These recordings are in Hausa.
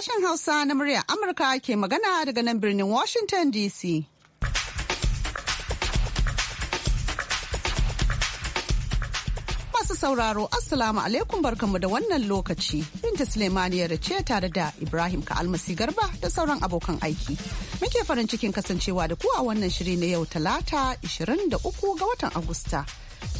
Sashen Hausa na muryar Amurka ke magana daga nan birnin Washington DC. Masu sauraro, Assalamu alaikum barkanmu da wannan lokaci. Binta Sulemaniyar ce tare da Ibrahim Ka'almasi Garba da sauran abokan aiki. Muke farin cikin kasancewa da ku a wannan shiri na yau talata 23 ga watan Agusta.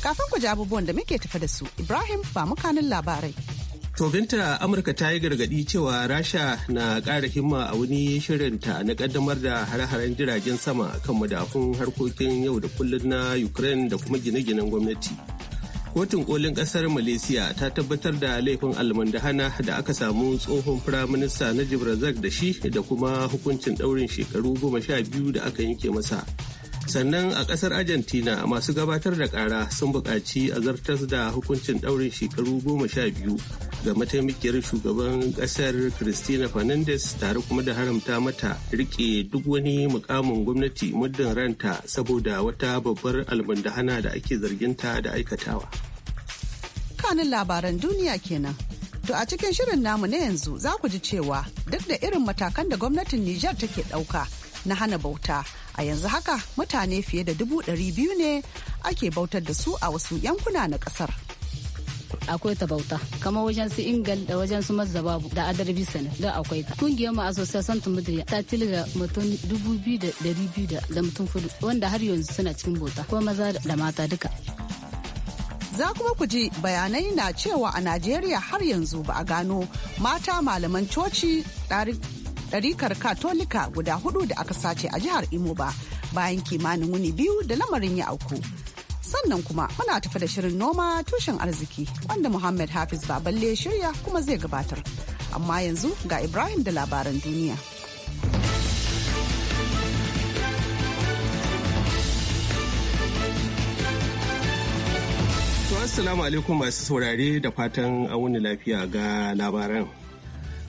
Kafin ku ji abubuwan da muke tafe da su, Ibrahim ba mukanin labarai. To binta Amurka ta yi gargadi cewa Rasha na ƙara himma a wani shirinta na ƙaddamar da hare-haren jiragen sama kan madafun harkokin yau da kullum na Ukraine da kuma gine-ginen gwamnati. Kotun kolin ƙasar Malaysia ta tabbatar da laifin almandahana da aka samu tsohon firaminista na Razak da shi da kuma hukuncin daurin shekaru goma sha biyu da aka yanke masa. sannan a kasar argentina masu gabatar da kara sun bukaci a zartas da hukuncin ɗaurin shekaru goma sha biyu ga mataimakiyar shugaban kasar Christina Fernandez tare kuma da haramta mata rike duk wani mukamin gwamnati muddin ranta saboda wata babbar almundahana da ake zarginta da aikatawa. Kanin labaran duniya kenan. To a cikin shirin namu na yanzu za ku ji cewa duk da irin matakan da gwamnatin Nijar take ɗauka na hana bauta a yanzu haka mutane fiye da dubu ɗari biyu ne ake bautar da su a wasu yankuna na ƙasar. akwai ta bauta kamar wajen su ingal da wajen su babu da adarbi sana da akwai ta kungiyar mu asosiyar ta tilga mutum dubu biyu da dari biyu da mutum fudu wanda har yanzu suna cikin bauta ko maza da mata duka za kuma ku ji bayanai na cewa a najeriya har yanzu ba a gano mata malaman coci ɗarikar katolika guda hudu da aka sace a jihar imo ba bayan kimanin wuni biyu da lamarin ya auku sannan kuma muna tafi da shirin noma tushen arziki wanda Muhammad Hafiz Baballe shirya kuma zai gabatar. Amma yanzu ga Ibrahim da labaran duniya. Assalamu alaikum masu saurare da fatan wuni lafiya ga labaran.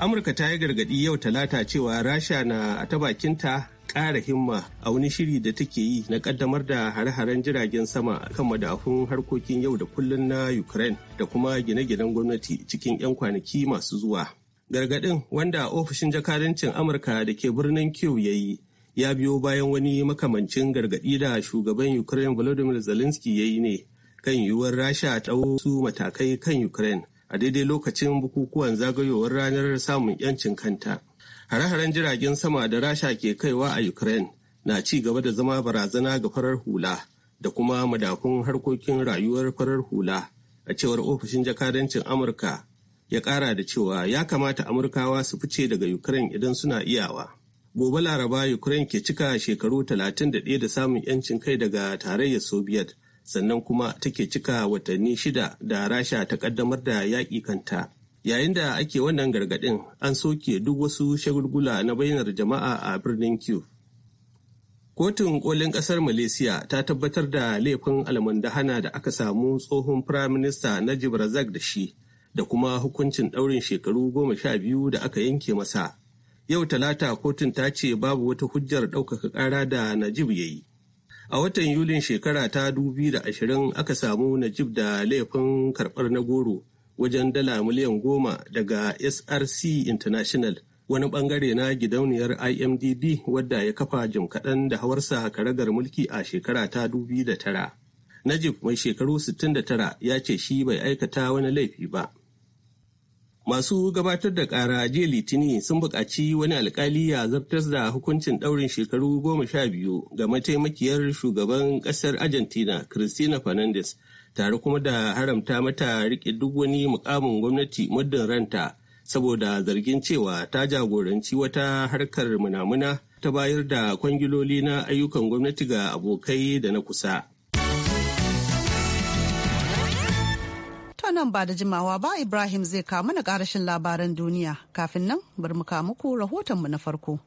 Amurka ta yi gargadi yau talata cewa Rasha na ta bakinta kara himma a wani shiri da take yi na ƙaddamar da hare-haren jiragen sama kan madafun harkokin yau da kullun na Ukraine da kuma gine-ginen gwamnati cikin 'yan kwanaki masu zuwa. Gargaɗin wanda ofishin jakadancin Amurka da ke birnin kyau ya yi ya biyo bayan wani makamancin gargadi da shugaban Ukraine Volodymyr Zelensky ya yi ne kan yiwuwar Rasha ta wasu matakai kan Ukraine a daidai lokacin bukukuwan zagayowar ranar samun 'yancin kanta. Hare-haren jiragen sama da Rasha ke kaiwa a Ukraine na ci gaba da zama barazana ga farar hula da kuma madakun harkokin rayuwar farar hula a cewar ofishin jakadancin Amurka ya kara da cewa ya kamata Amurkawa su fice daga Ukraine idan suna iyawa. Gobe Laraba Ukraine ke cika shekaru 31 da samun 'yancin kai daga tarayyar Soviet sannan kuma take cika watanni shida da Rasha ta kaddamar da yaƙi kanta. yayin da ake wannan gargadin, an soke duk wasu shagulgula na bayyanar jama'a a birnin Q. kotun kolin ƙasar malaysia ta tabbatar da laifin almandahana da aka samu tsohon firaminista najib razak da shi da kuma hukuncin ɗaurin shekaru goma sha biyu da aka yanke masa yau talata kotun ta ce babu wata hujjar ɗaukaka ƙara da najib ya yi a watan yulin shekara ta dubi da ashirin aka samu najib da laifin karɓar na goro wajen dala miliyan goma daga src international wani bangare na gidauniyar imdb wadda ya kafa jim kaɗan da hawarsa karagar mulki a shekara ta tara. najib mai shekaru 69 ya ce shi bai aikata wani laifi ba masu gabatar da kara jiya litini sun buƙaci wani alkali ya zartar da hukuncin ɗaurin shekaru goma sha biyu ga mataimakiyar shugaban ƙasar argentina cristina fernandez tare kuma da haramta mata rike duk wani mukamin gwamnati muddin ranta saboda zargin cewa ta jagoranci wata harkar munamuna ta bayar da kwangiloli na ayyukan gwamnati ga abokai da na kusa. nan ba da jimawa ba Ibrahim zai kawo mana karashin labaran duniya kafin nan bar mu kawo muku rahotonmu na farko.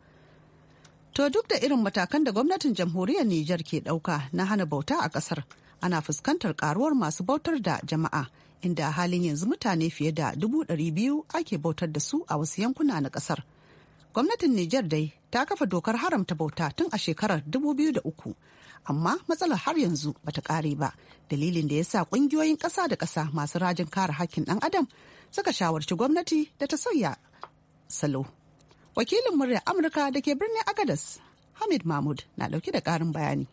To duk da irin matakan da gwamnatin jamhuriyar Nijar ke ɗauka na hana bauta a ƙasar. ana fuskantar karuwar masu bautar da jama'a inda halin yanzu mutane fiye da dubu ɗari biyu ake bautar da su a wasu yankuna na ƙasar. Gwamnatin Nijar dai ta kafa dokar haramta bauta tun a shekarar 2003, amma matsalar har yanzu bata kare ba, dalilin da ya sa ƙungiyoyin ƙasa da ƙasa masu rajin kare hakkin ɗan adam suka shawarci gwamnati da ta sauya salo. Wakilin murya Amurka da ke birnin Agadas, Hamid Mahmud na ɗauke da ƙarin bayani.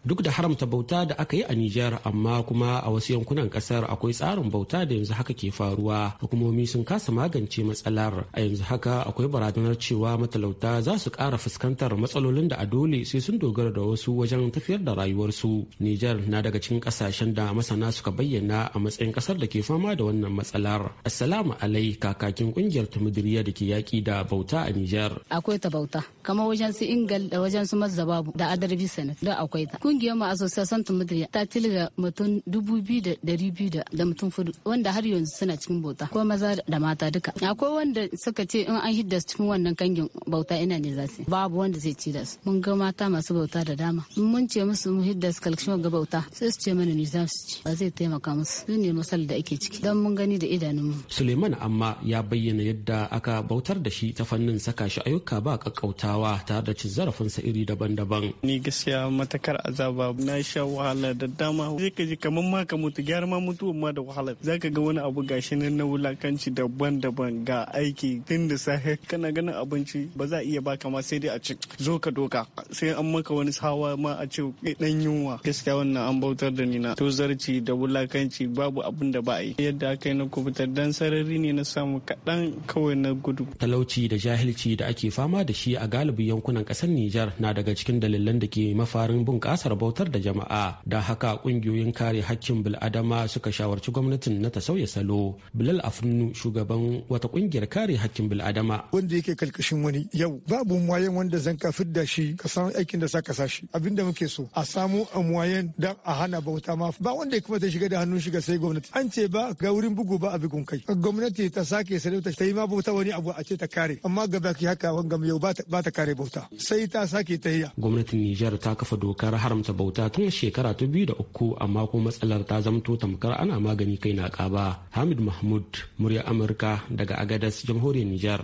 duk da haramta bauta da aka yi a Nijar amma kuma a wasu yankunan kasar akwai tsarin bauta da yanzu haka ke faruwa hukumomi sun kasa magance matsalar a yanzu haka akwai barazanar cewa matalauta za su kara fuskantar matsalolin da a dole sai sun dogara da wasu wajen tafiyar da rayuwarsu Nijar na daga cikin kasashen da masana suka bayyana a matsayin kasar da ke fama da wannan matsalar Assalamu alai kakakin kungiyar tumudiriya da ke yaki da bauta a Nijar akwai ta bauta kamar wajen su Ingal da wajen su Mazzababu da Adarbi Senate da akwai ta kungiyar mu association tumudriya ta tilga mutum dubu biyu da dari biyu da mutum fudu wanda har yanzu suna cikin bauta ko maza da mata duka akwai wanda suka ce in an hidda cikin wannan kangin bauta ina ne za su babu wanda zai ci da su mun ga mata masu bauta da dama mun ce musu mu hidda su kalkishin ga bauta sai su ce mana ni za su ci ba zai taimaka musu su ne masal da ake ciki don mun gani da idanunmu. suleiman amma ya bayyana yadda aka bautar da shi ta fannin saka shi ayyuka ba kakkautawa tare da cin zarafinsa iri daban-daban. ni gaskiya matakar a sa ba na sha wahala da dama zai ka ji kamar ma ka mutu gyara ma mutu ma da wahala za ka ga wani abu gashi ne na wulakanci daban-daban ga aiki tun da safe kana ganin abinci ba za a iya baka ma sai dai a ci zo ka doka sai an maka wani sawa ma a ce dan yunwa gaskiya wannan an bautar da ni na to zarci da wulakanci babu abin da ba a yi yadda aka yi na kubuta dan sarari ne na samu kaɗan kawai na gudu talauci da jahilci da ake fama da shi a galibin yankunan kasar Nijar na daga cikin dalilan da ke mafarin bunƙasar siyasar bautar da jama'a da haka kungiyoyin kare hakkin bil'adama suka shawarci gwamnatin na ta sauya salo bilal afnu shugaban wata kungiyar kare hakkin bil'adama wanda yake kalkashin wani yau babu muwayen wanda zan kafir da shi ka samu aikin da sa ka sashi abinda muke so a samu muwayen dan a hana bauta ma ba wanda ya kuma ta shiga da hannun shiga sai gwamnati an ce ba ga wurin bugu ba a bugun kai gwamnati ta sake sarauta ta yi ma bauta wani abu a ce ta kare amma ga ki haka wanga yau ba ta kare bauta sai ta sake ta gwamnatin Nijar ta kafa dokar haram amsa bauta tun shekara ta biyu da uku amma ko matsalar ta zamto tamkar ana magani kai na kaba Hamid Mahmud, murya Amurka daga Agadas, Jamhuriyar Nijar.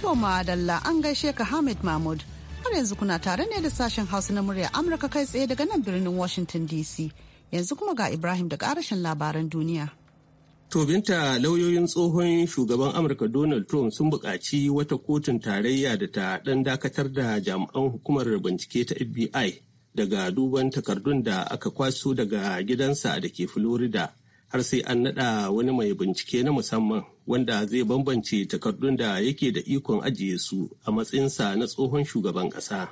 Toma Dalla an gaishe ka Hamid Mahmud. Har yanzu kuna tare ne da sashen Hausa na murya Amurka kai tsaye daga nan birnin Washington DC. Yanzu kuma ga Ibrahim da ƙarashin labaran duniya. To lauyoyin tsohon shugaban Amurka Donald Trump sun buƙaci wata kotun tarayya da ta ɗan dakatar da jami'an hukumar bincike ta FBI daga duban takardun da aka kwaso daga gidansa da ke Florida har sai an naɗa wani mai bincike na musamman wanda zai bambance takardun da yake da ikon ajiye su a matsayinsa na tsohon shugaban ƙasa.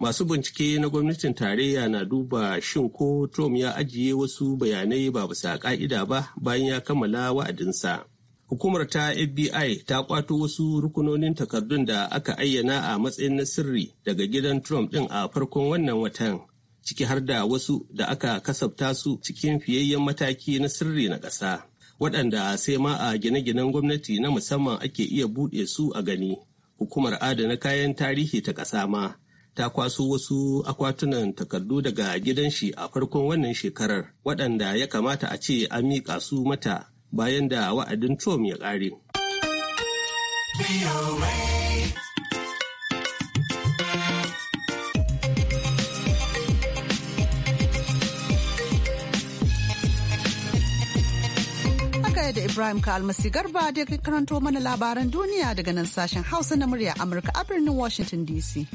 masu bincike na gwamnatin tarayya na duba shin ko trump ya ajiye wasu bayanai ba bisa ka'ida ba bayan ya kammala wa'adinsa hukumar ta fbi ta kwato wasu rukunonin takardun da aka ayyana a matsayin na sirri daga gidan trump din a farkon wannan watan ciki har da wasu da aka kasafta su cikin fiyayyen mataki na sirri na ƙasa waɗanda sai ma a gine-ginen gwamnati na musamman ake iya buɗe su a gani hukumar adana kayan tarihi ta ƙasa ma ta kwaso wasu akwatunan takardu daga gidan shi a farkon wannan shekarar waɗanda ya kamata a ce an miƙa su mata bayan da wa'adin Trump ya ƙare. da Ibrahim ka almasi garba da karanto mana labaran duniya daga nan sashen Hausa na murya Amurka a birnin Washington DC.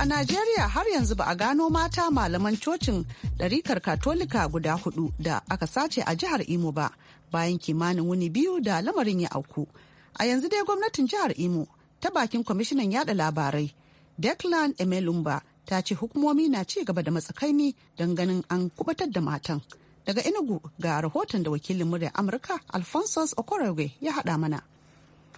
a Najeriya har yanzu ba a gano mata malaman cocin ɗarikar Katolika guda hudu da aka sace a jihar Imo ba bayan kimanin wuni biyu da lamarin ya auku. A yanzu dai gwamnatin jihar Imo ta bakin kwamishinan yada labarai Declan Emelumba ta ce hukumomi na ci gaba da matsakaimi don ganin an kubatar da matan. Daga Enugu ga rahoton da wakilin murya Amurka Alphonsus Okorogwe ya haɗa mana.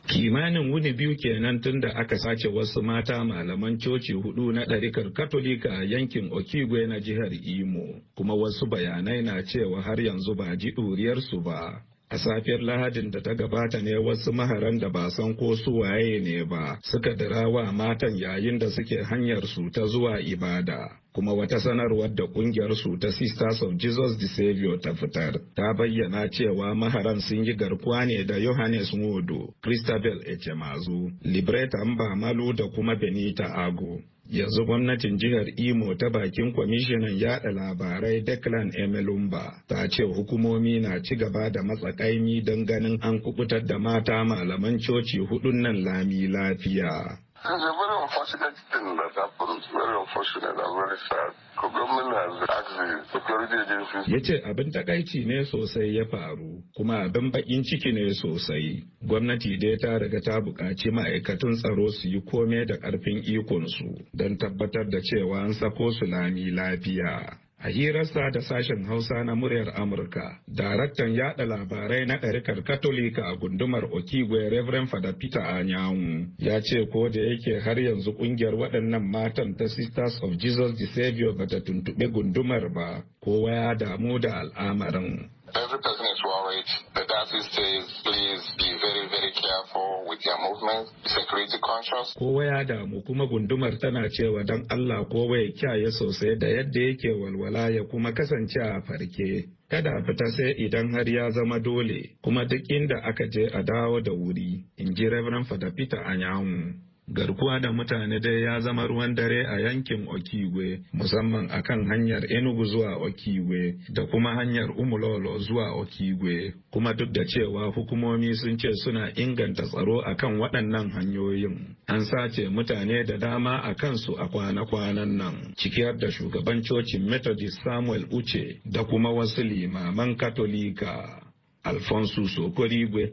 kimanin wuni biyu kenan tun da aka sace wasu mata malaman coci hudu na ɗarikar katolika a yankin okigwe na jihar imo kuma wasu bayanai na cewa har yanzu ba ji ɗuriyarsu ba a safiyar lahadin da ta gabata ne wasu maharan da ba san ko su waye ne ba suka dirawa matan yayin da suke hanyar su ta zuwa ibada kuma wata sanarwar da kungiyar su ta Sisters of Jesus the Savior ta fitar ta bayyana cewa maharan sun yi garkuwa ne da Yohannes Nwodo, Christabel Echemazu, Libreta Mbamalu da kuma Benita Ago. yanzu gwamnatin jihar imo ta bakin kwamishinan yada labarai declan emelumba ta ce hukumomi na ci gaba da matsakaimi don ganin an kubutar da mata malaman coci hudun nan lami lafiya Things a very unfortunate thing that happened. Very unfortunate and very sad. The Government has asked the security agencies. Ya ce abin takaici ne sosai ya faru kuma abin bakin ciki ne sosai. Gwamnati dai ta riga ta buƙaci ma'aikatan tsaro su yi kome da ƙarfin ikonsu don tabbatar da cewa an sako su lami lafiya. A hirarsa da sashen Hausa na muryar Amurka, daraktan yada labarai na ɗarikar Katolika a gundumar Okigwe Reverend Fada Peter Anyanwu ya ce ko da yake har yanzu kungiyar waɗannan matan ta Sisters of Jesus the Savior ta tuntuɓe gundumar ba, kowa ya damu da al'amarin. Every person is worried. The diocese says please be very, very careful with your movements. security conscious. Kowa ya damu kuma gundumar tana cewa don Allah kowa ya kyaye sosai da yadda yake walwala ya kuma kasance a farke. kada fita sai idan har ya zama dole kuma duk inda aka je a dawo da wuri in ji Reverend Fada a Anyanwu. garkuwa da mutane dai ya zama ruwan dare a yankin okigwe musamman akan hanyar enugu zuwa okigwe da kuma hanyar umulolo zuwa okigwe kuma duk da cewa hukumomi sun ce suna inganta tsaro a kan waɗannan hanyoyin an sace mutane da dama a kansu a kwana-kwanan nan cikiyar da shugaban cocin methodist samuel uche da kuma wasu limaman katolika alfonso sokorigwe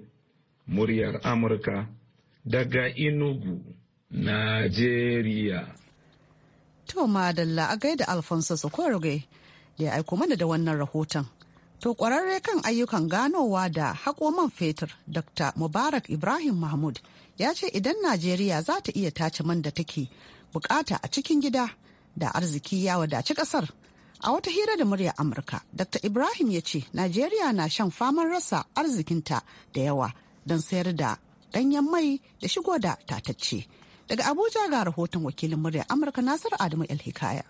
muryar amurka daga inugu Najeriya. To madalla a gaida Alfonso Sokorge da ya aiko mana da wannan rahoton. To kwararre kan ayyukan ganowa da haƙo fetur Dr. Mubarak Ibrahim Mahmud ya ce idan Najeriya za ta iya tace man da take bukata a cikin gida da arziki ya wadaci ƙasar. A wata hira da murya Amurka, Dr. Ibrahim ya ce Najeriya na shan faman rasa arzikinta da yawa don sayar da ɗanyen mai da shigo da tatacce. Daga Abuja ga rahoton wakilin murya Amurka Nasiru Adamu El Hikaya.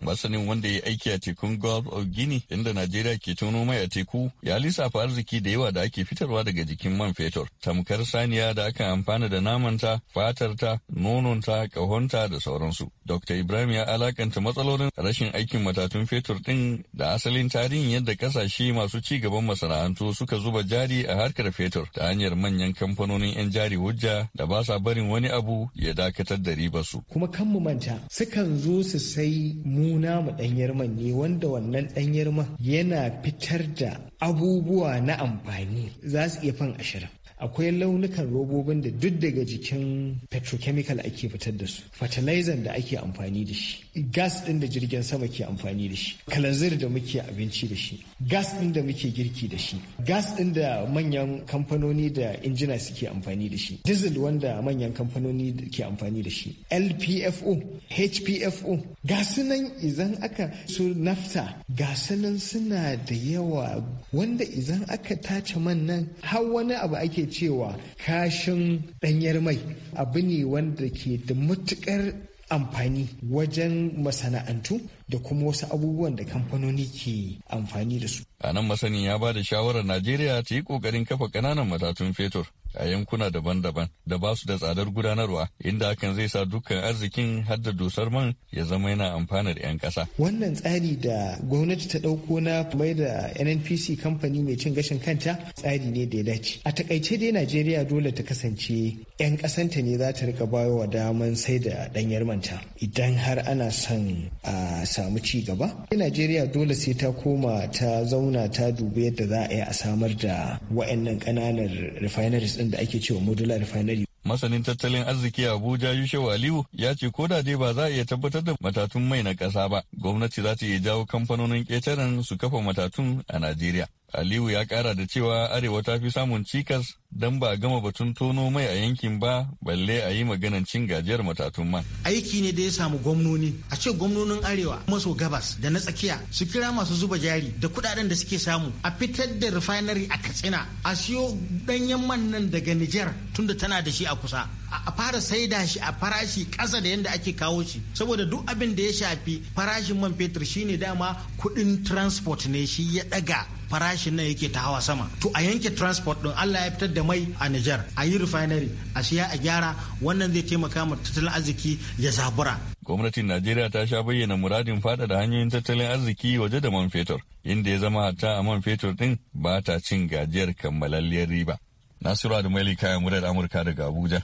masanin wanda ya aiki a tekun gulf of guinea inda najeriya ke tono mai a teku ya lissafa arziki da yawa da ake fitarwa daga jikin man fetur tamkar saniya da aka amfana da namanta fatarta nononta kahonta da sauransu dr ibrahim ya alakanta matsalolin rashin aikin matatun fetur din da asalin tarihin yadda kasashe masu ci gaban masana'antu suka zuba jari a harkar fetur ta hanyar manyan kamfanonin 'yan jari hujja da ba sa barin wani abu ya dakatar da su. kuma kan mu manta sukan zo su sai mu nuna ma ɗanyar man ne wanda wannan ɗanyar man yana fitar da abubuwa na amfani za su iya fan ashirin akwai launukan robobin da duk daga jikin petrochemical ake fitar da su fertilizer da ake amfani da shi gas din da jirgin sama ke amfani da shi kalanzir da muke abinci da shi gas din da muke girki da shi gas din da manyan kamfanoni da injina suke amfani da shi diesel wanda manyan kamfanoni ke amfani da shi lpfo hpfo gasunan idan aka su nafta gasunan suna da yawa wanda idan aka tace man nan har wani abu ake iya cewa kashin ɗanyar mai abu ne wanda ke da matuƙar amfani wajen masana'antu da kuma wasu abubuwan da kamfanoni ke amfani da su. A nan masanin ya ba da shawarar Najeriya ta yi kokarin kafa kananan matatun fetur a yankuna daban-daban da ba su da tsadar gudanarwa inda hakan zai sa dukkan arzikin hadda dusar man ya zama yana amfanar 'yan ƙasa. Wannan tsari da gwamnati ta ɗauko na mai da NNPC kamfani mai cin gashin kanta tsari ne da ya dace. A takaice dai Najeriya dole ta kasance 'yan ƙasanta ne za ta riƙa bayo wa daman sai da ɗanyar manta. Idan har ana son a ah, samu ci gaba najeriya dole sai ta koma ta zauna ta dubi yadda za a yi a samar da wa'annan ƙananan refineries ɗin da ake cewa modular refinery masanin tattalin arziki abuja yushewa aliyu ya ce ko da dai ba za a iya tabbatar da matatun mai na ƙasa ba gwamnati za ta iya jawo kamfanonin ƙetaren su kafa matatun a najeriya Aliyu ya kara da cewa Arewa ta fi samun cikas don ba gama batun tono mai a yankin ba balle a yi maganan cin gajiyar matatun man. Aiki ne da ya samu gwamnoni a ce gwamnonin Arewa maso gabas da na tsakiya su kira masu zuba jari da kudaden da suke samu a fitar da refinery a Katsina a siyo danyen man nan daga Nijar tunda tana da shi a kusa. a fara saida shi a farashi ƙasa da yadda ake kawo shi saboda duk abin da ya shafi farashin man fetur shine dama kuɗin transport ne shi ya ɗaga farashin nan yake ta hawa sama to a yanke transport din Allah ya fitar da mai a Niger a yi refinery a siya a gyara wannan zai taimaka mu tattalin arziki ya zabura gwamnatin Najeriya ta sha bayyana muradin faɗaɗa hanyoyin tattalin arziki waje da man fetur inda ya zama ta a man fetur din ba ta cin gajiyar kammalalliyar riba Nasiru Adumaili kayan murar Amurka daga Abuja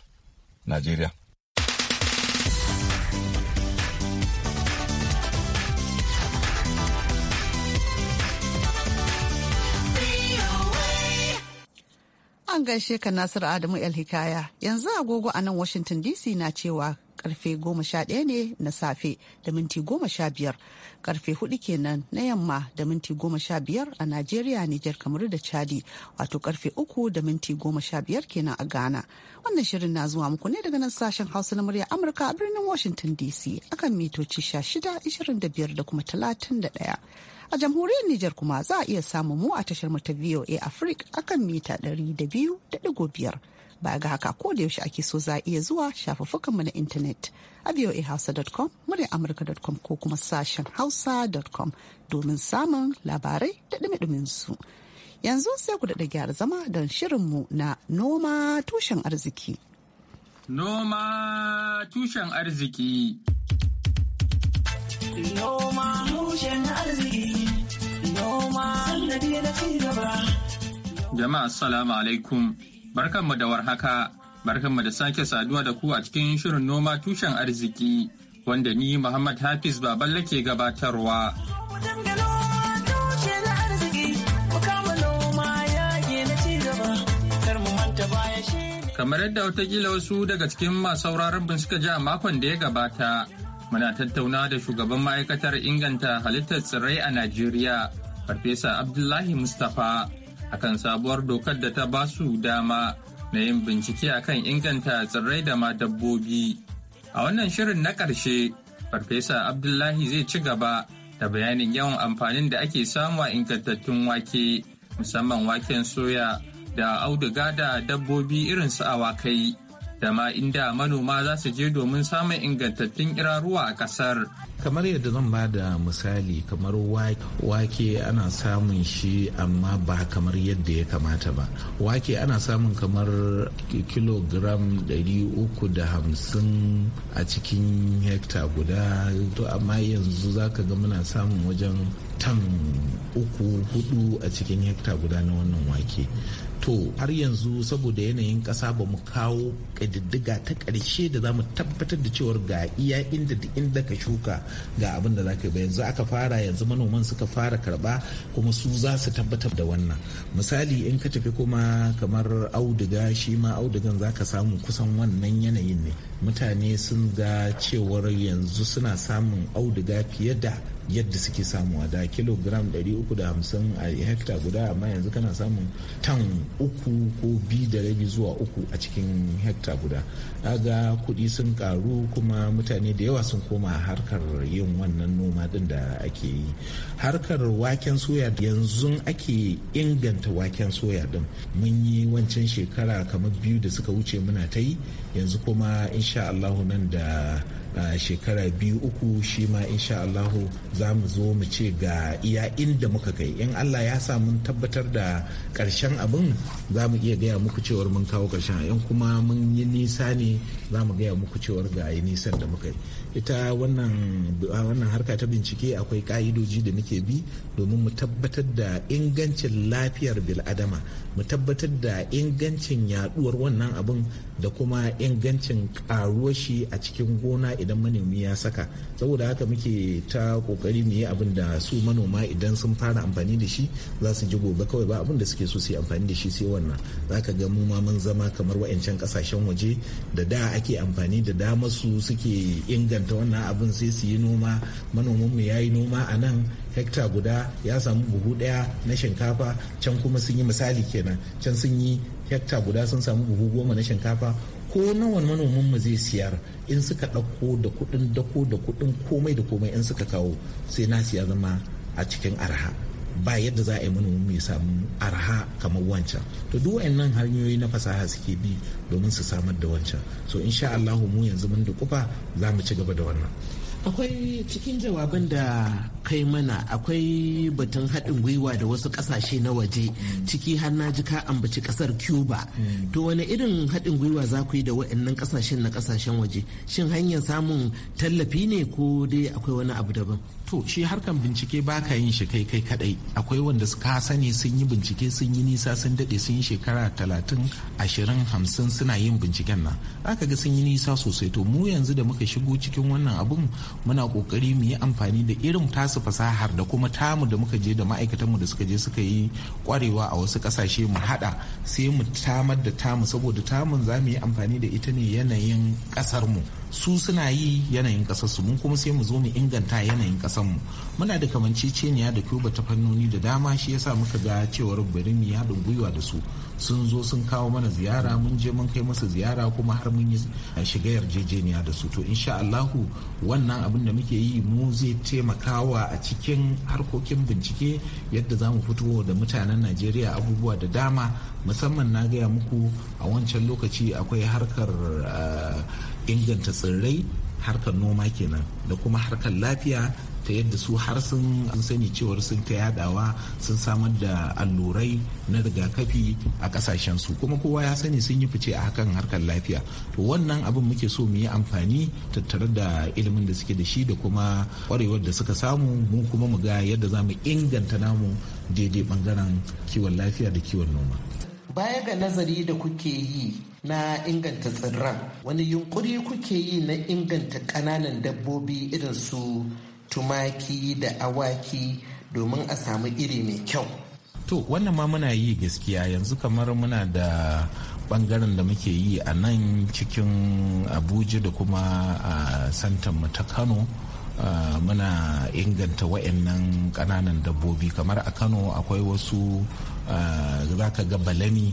Najeriya An gaishe ka Nasiru Adamu El Hikaya yanzu agogo a nan Washington DC na cewa karfe 11 ne na safe da minti 15 karfe 4 kenan na yamma da minti 15 a Najeriya, Nijar, kamar da Chadi wato karfe 3 da minti 15 kenan a Ghana. Wannan shirin na zuwa muku ne daga nan sashen Hausa na murya Amurka a birnin Washington DC akan mitoci 16, 25 da kuma 31. a jamhuriyar Nijar kuma za a iya samun mu a tashar ta VOA Africa akan mita 200.5. Baya ga haka ko da yaushe ake so za a iya zuwa mu na intanet a voahausa.com, muryar amurka.com ko kuma sashen hausa.com domin samun labarai da dumi su. Yanzu sai ku daɗa gyara zama don shirinmu na noma tushen arziki. Noma tushen arziki. Noma tushen arziki. Noma na ci gaba. Jama'a salamu alaikum. Barkanmu da warhaka, barkanmu da sake saduwa da ku a cikin shirin noma tushen arziki wanda ni Muhammad Hafiz Baballe ke gabatarwa. Kamar yadda watakila wasu daga cikin masu sauraron suka ji a makon da ya gabata, muna tattauna da shugaban ma'aikatar inganta halittar tsirrai a Najeriya, Farfesa Abdullahi Mustapha. akan sabuwar dokar da ta ba su dama na yin bincike akan inganta tsirrai da ma dabbobi. A wannan shirin na ƙarshe, Farfesa Abdullahi zai ci gaba da bayanin yawan amfanin da ake samu a ingantattun wake, musamman waken soya da auduga da dabbobi irin su awakai. dama inda manoma za su je domin samun ingantattun iraruwa a kasar. kamar yadda zan ba da misali kamar wake ana samun shi amma ba kamar yadda ya kamata ba wake ana samun kamar kilogram 350 a cikin hekta guda to amma yanzu za ka ga muna samun wajen tan uku hudu a cikin hekta guda na wannan wake to har yanzu saboda yanayin kasa ba mu kawo ƙadiddiga ta ƙarshe da za mu tabbatar da cewar ga iya inda da inda ka shuka ga abin da za ka yi ba yanzu aka fara yanzu manoman suka fara karba kuma su za su tabbatar da wannan misali in ka tafi kuma kamar auduga shi ma audugan za ka samu kusan wannan yanayin ne mutane sun ga cewar yanzu suna samun auduga fiye da yadda suke samuwa da kilogram 350 a hekta guda amma yanzu kana samun tan uku ko bi da rabi zuwa uku a cikin hekta guda ga kuɗi sun karu kuma mutane da yawa sun koma harkar yin wannan noma din da ake yi harkar waken soya yanzu ake inganta waken soya din mun yi wancan shekara kamar biyu da suka wuce muna ta yi yanzu kuma in insha allahu nan da Uh, shekara biyu uku shi ma insha Allahu za mu zo mu ce ga iya inda muka kai in Allah ya sa tabbatar da karshen abin za mu iya gaya muku cewar mun kawo karshen in kuma mun yi nisa ne za mu gaya muku cewar ga nisan da muka yi ita wannan wannan harka ta bincike akwai ka'idoji da muke bi domin mu tabbatar da ingancin lafiyar bil'adama mu tabbatar da ingancin yaduwar wannan abin da kuma ingancin karuwar shi a cikin gona idan manomi ya saka saboda haka muke ta kokari mu yi abin da su manoma idan sun fara amfani da shi za su ji gobe kawai ba abin da suke so su yi amfani da shi sai wannan zaka ga mu ma mun zama kamar wa'ancan kasashen waje da da ake amfani da dama su suke inganta wannan abin sai su yi noma manoman mu yi noma a nan hekta guda ya samu buhu daya na shinkafa can kuma sun yi misali kenan can sun yi hekta guda sun samu buhu goma na shinkafa ko nawa manoman mu zai siyar in suka dauko da kudin dako da kudin komai da komai in suka kawo sai na siya zama a cikin arha ba yadda za a yi manomi mai samu arha kamar wancan to duk wayannan hanyoyi na fasaha suke bi domin su samar da wancan so insha Allah mu yanzu mun da kufa za mu ci gaba da wannan akwai cikin jawabin da kai mana akwai batun haɗin gwiwa da wasu ƙasashe na waje ciki har na ji ka ambaci ƙasar cuba to wani irin haɗin gwiwa za ku yi da waɗannan ƙasashen na ƙasashen waje shin hanyar samun tallafi ne ko dai akwai wani abu daban to shi harkan bincike baka ka yin shi kai kai kadai akwai wanda ka sani sun yi bincike sun yi nisa sun dade sun yi shekara talatin ashirin hamsin suna yin binciken nan aka ga sun yi nisa sosai to mu yanzu da muka shigo cikin wannan abun muna kokari mu yi amfani da irin tasu fasahar da kuma tamu da muka je da ma'aikatan mu da suka je suka yi kwarewa a wasu kasashe mu hada sai mu tamar da tamu saboda tamun za mu yi amfani da ita ne yanayin kasar mu su suna yi yanayin kasarsu mun kuma sai mu zo mu inganta yanayin kasarmu muna da kamanceceniya da cuba ta fannoni da dama shi yasa muka ga cewar bari mu haɗin gwiwa da su sun zo sun kawo mana ziyara mun je mun kai masa ziyara kuma har mun yi shiga yarjejeniya da su to insha Allahu wannan abin da muke yi mu zai taimakawa a cikin harkokin bincike yadda za mu fito da mutanen Najeriya abubuwa da dama musamman na gaya muku a wancan lokaci akwai harkar eh, inganta tsirrai harkar noma kenan da kuma harkar lafiya ta yadda su har sun sani cewar sun ta yadawa sun samar da allurai na rigakafi a kasashen su kuma kowa ya sani sun yi fice a hakan harkar lafiya to wannan abin muke so mu yi amfani tattare da ilimin da suke da shi da kuma kwarewar da suka samu mu kuma mu ga yadda za mu inganta namu daidai bangaren kiwon lafiya da kiwon noma baya ga nazari da kuke yi na inganta tsirran wani yunkuri kuke yi na inganta ƙananan dabbobi irin su tumaki da awaki domin a samu iri mai kyau to wannan ma muna yi gaskiya yanzu kamar muna da bangaren da muke yi a nan cikin abuja da kuma a santan mu ta kano Uh, muna inganta wa'annan ƙananan dabbobi kamar a kano akwai wasu Eh, za ka ga balani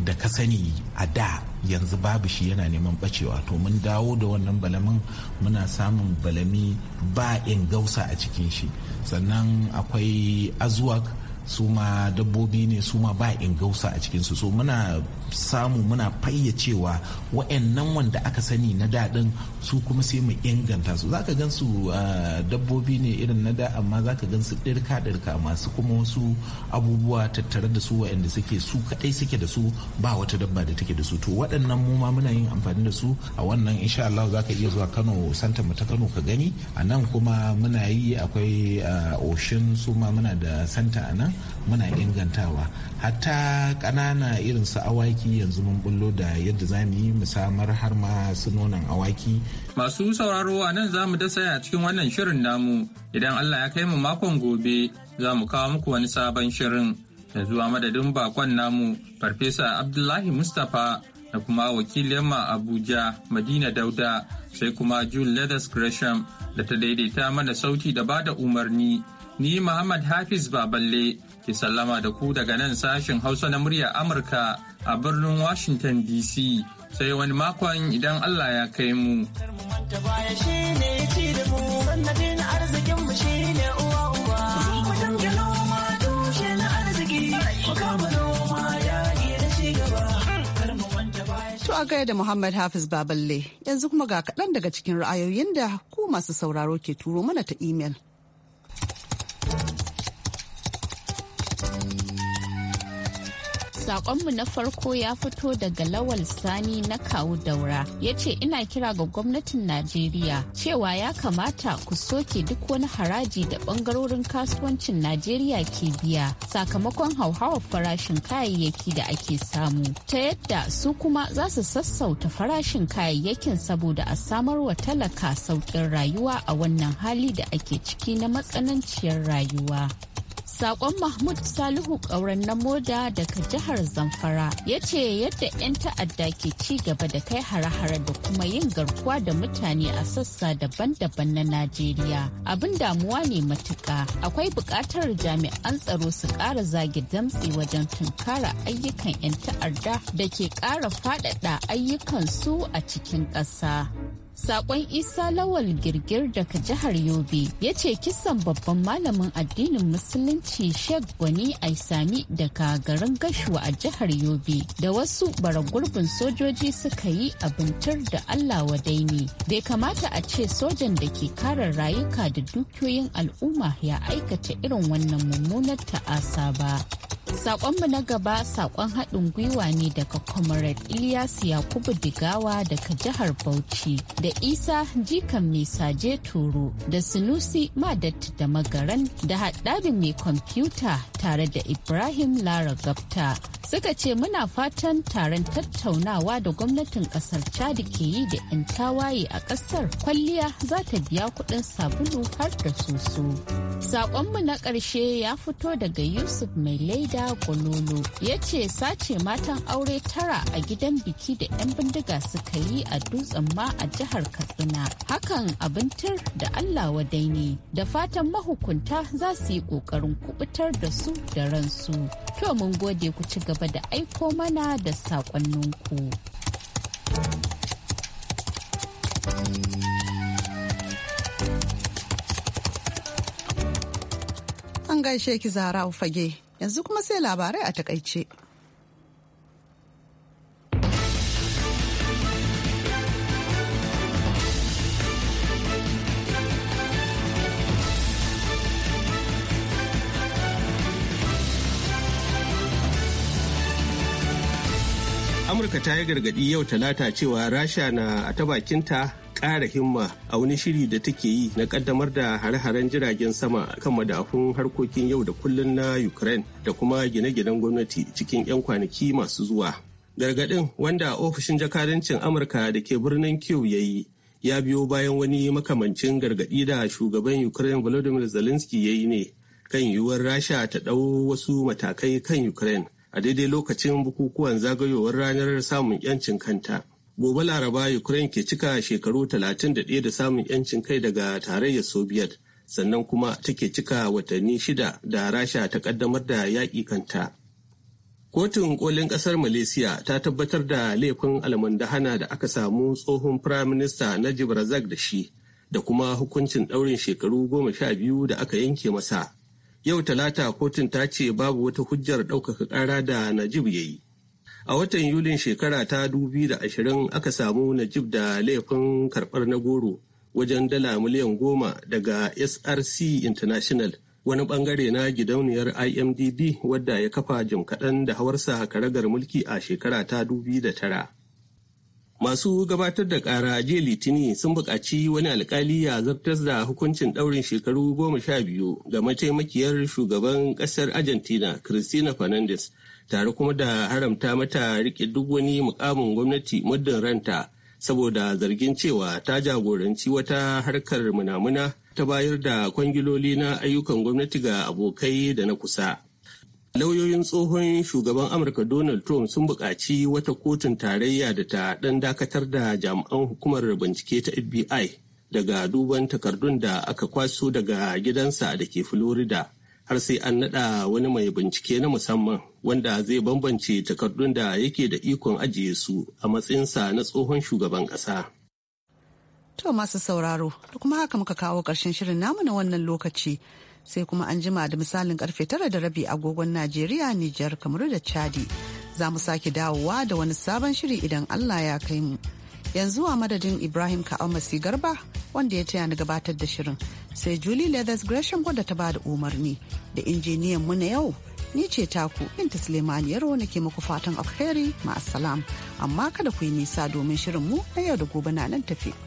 da ka sani a da yanzu babu shi yana neman bacewa to mun dawo da wannan balamin muna samun balami ba in gausa a cikin shi sannan akwai azuwak su ma dabbobi ne su ma ba in gausa a cikinsu so muna samu muna fayyacewa wa'annan wanda aka sani na daɗin su kuma sai mu inganta su za ka gan su ah, dabbobi ne irin na da amma za ka gan su ɗirka ɗirka masu kuma wasu abubuwa tattare da su wa'anda suke su kaɗai suke da su ba wata dabba da take da su to waɗannan mu ma muna yin amfani da su a wannan insha Allah za ka iya zuwa Kano Santa mu ta Kano ka gani a nan kuma muna yi akwai ah, oshin su ma muna da santa a nan muna ingantawa hatta ƙanana irin su awaki yanzu mun bullo da yadda za mu yi musamar har ma su nonon awaki. Masu sauraro a nan za mu dasa a cikin wannan shirin namu idan Allah ya kai mu makon gobe za mu kawo muku wani sabon shirin. Yanzu zuwa madadin bakon namu Farfesa Abdullahi Mustapha da kuma wakilin Yamma Abuja Madina Dauda sai kuma June Leathers Gresham da ta daidaita mana sauti da bada umarni. Ni Muhammad Hafiz Baballe ke sallama da ku daga nan sashen Hausa na murya Amurka a birnin Washington DC sai wani makon idan Allah ya kai mu. a gaya da Muhammad Hafiz Baballe yanzu kuma ga kaɗan daga cikin ra'ayoyin da ku masu sauraro ke turo mana ta imel. Sakonmu na farko ya fito daga Lawal Sani na kawu daura ya ce ina kira ga gwamnatin Najeriya cewa ya kamata ku soke duk wani haraji da bangarorin kasuwancin Najeriya ke biya sakamakon hauhawar farashin kayayyaki da ake samu ta yadda su kuma za su sassauta farashin kayayyakin saboda a samar wa talaka sauƙin rayuwa a wannan hali da ake ciki na matsananciyar rayuwa. Sakon Mahmud Salihu ƙauren na moda daga jihar Zamfara ya ce yadda 'yan ta'adda ke ci gaba da kai hare hara da kuma yin garkuwa da mutane a sassa daban-daban na Najeriya. Abin damuwa ne matuka Akwai buƙatar jami'an tsaro su ƙara zage damtse wajen tunkara ayyukan 'yan ta'adda da ke ƙara faɗaɗa ayyukan su a cikin ƙasa. Sakon Isa Lawal Girgir daga jihar Yobe ya ce kisan babban malamin addinin Musulunci Sheikh Gwani Aisami daga garin Gashuwa a jihar Yobe da wasu baragurbin sojoji suka yi abincir da Allah wa daini Bai kamata a ce sojan da ke kare rayuka da dukiyoyin al'umma ya aikata irin wannan mummunar ta'asa ba. Sakonmu na gaba sakon haɗin gwiwa ne daga Comrade Ilyas Yakubu Digawa daga jihar Bauchi da Isa Jikan Mai Saje Toro da Sunusi Madat da Magaran da haɗarin mai kwamfuta tare da Ibrahim Lara Gafta. suka ce muna fatan taron tattaunawa da gwamnatin kasar chad ke yi da 'yan tawaye a kasar kwalliya za ta biya kudin sabulu har da soso saƙonmu na ƙarshe ya fito daga yusuf mai laida gololo ya ce sace matan aure tara a gidan biki da 'yan bindiga suka yi a dutsen ma a jihar katsina hakan abin tir da allah wadai ne da fatan mahukunta za su yi ƙoƙarin kubutar da su da ransu to mun gode ku ci gaba gaba da aiko mana da sakonninku. An gaishe ki zara fage yanzu kuma sai labarai a takaice. amurka ta yi gargadi yau talata cewa rasha na ta bakinta ƙara himma a wani shiri da take yi na kaddamar da har haren jiragen sama kan madafun harkokin yau da kullun na ukraine da kuma gine-ginen gwamnati cikin 'yan kwanaki masu zuwa gargadin wanda ofishin jakadancin amurka da ke birnin kyau ya yi ya biyo bayan wani makamancin gargadi da shugaban ukraine volodymyr zelensky ya yi ne kan yiwuwar rasha ta ɗau wasu matakai kan ukraine a daidai lokacin bukukuwan zagayowar ranar samun 'yancin kanta. Gobe Laraba Ukraine ke cika shekaru talatin da da samun 'yancin kai daga tarayyar Soviet, sannan kuma take cika watanni shida da Rasha ta kaddamar da yaƙi kanta. Kotun kolin ƙasar Malaysia ta tabbatar da laifin almandahana da aka samu tsohon firaminista Najib Razak da shi, da kuma hukuncin ɗaurin shekaru goma sha biyu da aka yanke masa. Yau talata kotun ta ce babu wata hujjar ɗaukaka ƙara da Najib ya yi. A watan Yulin shekara ta da ashirin aka samu Najib da laifin karɓar na goro wajen dala miliyan goma daga SRC International wani ɓangare na gidauniyar IMDB wadda ya kafa jim kaɗan da hawarsa karagar mulki a shekara ta tara. Masu gabatar da ƙara jiya Litini sun buƙaci wani alƙali ya zartar da hukuncin ɗaurin shekaru goma sha biyu ga mataimakiyar shugaban ƙasar Argentina Cristina Fernandez tare kuma da haramta mata riƙe duk wani mukamin gwamnati muddin ranta saboda zargin cewa ta jagoranci wata harkar munamuna ta bayar da kwangiloli na ayyukan gwamnati ga abokai da na kusa. Lauyoyin tsohon shugaban Amurka Donald Trump sun buƙaci wata kotun tarayya da ta ɗan dakatar da jami'an hukumar bincike ta FBI daga duban takardun da aka kwaso daga gidansa da ke Florida har sai an naɗa wani mai bincike na musamman wanda zai bambance takardun da yake da ikon ajiye su a matsayinsa na tsohon shugaban ƙasa. To masu sauraro, da kuma haka muka kawo ƙarshen shirin namu na wannan lokaci. sai kuma an jima da misalin karfe tara da rabi agogon Najeriya, Nijar, Kamaru da Chadi. Za mu sake dawowa da wani sabon shiri idan Allah ya kai mu. Yanzu a madadin Ibrahim Ka'amasi Garba wanda ya taya ni gabatar da shirin sai Julie Leathers Gresham wadda ta ba da umarni da injiniyan mu na yau ni ce taku inta suleiman Yaro ke muku fatan alheri ma'asalam amma kada ku yi nisa domin shirin mu na yau da gobe na nan tafi.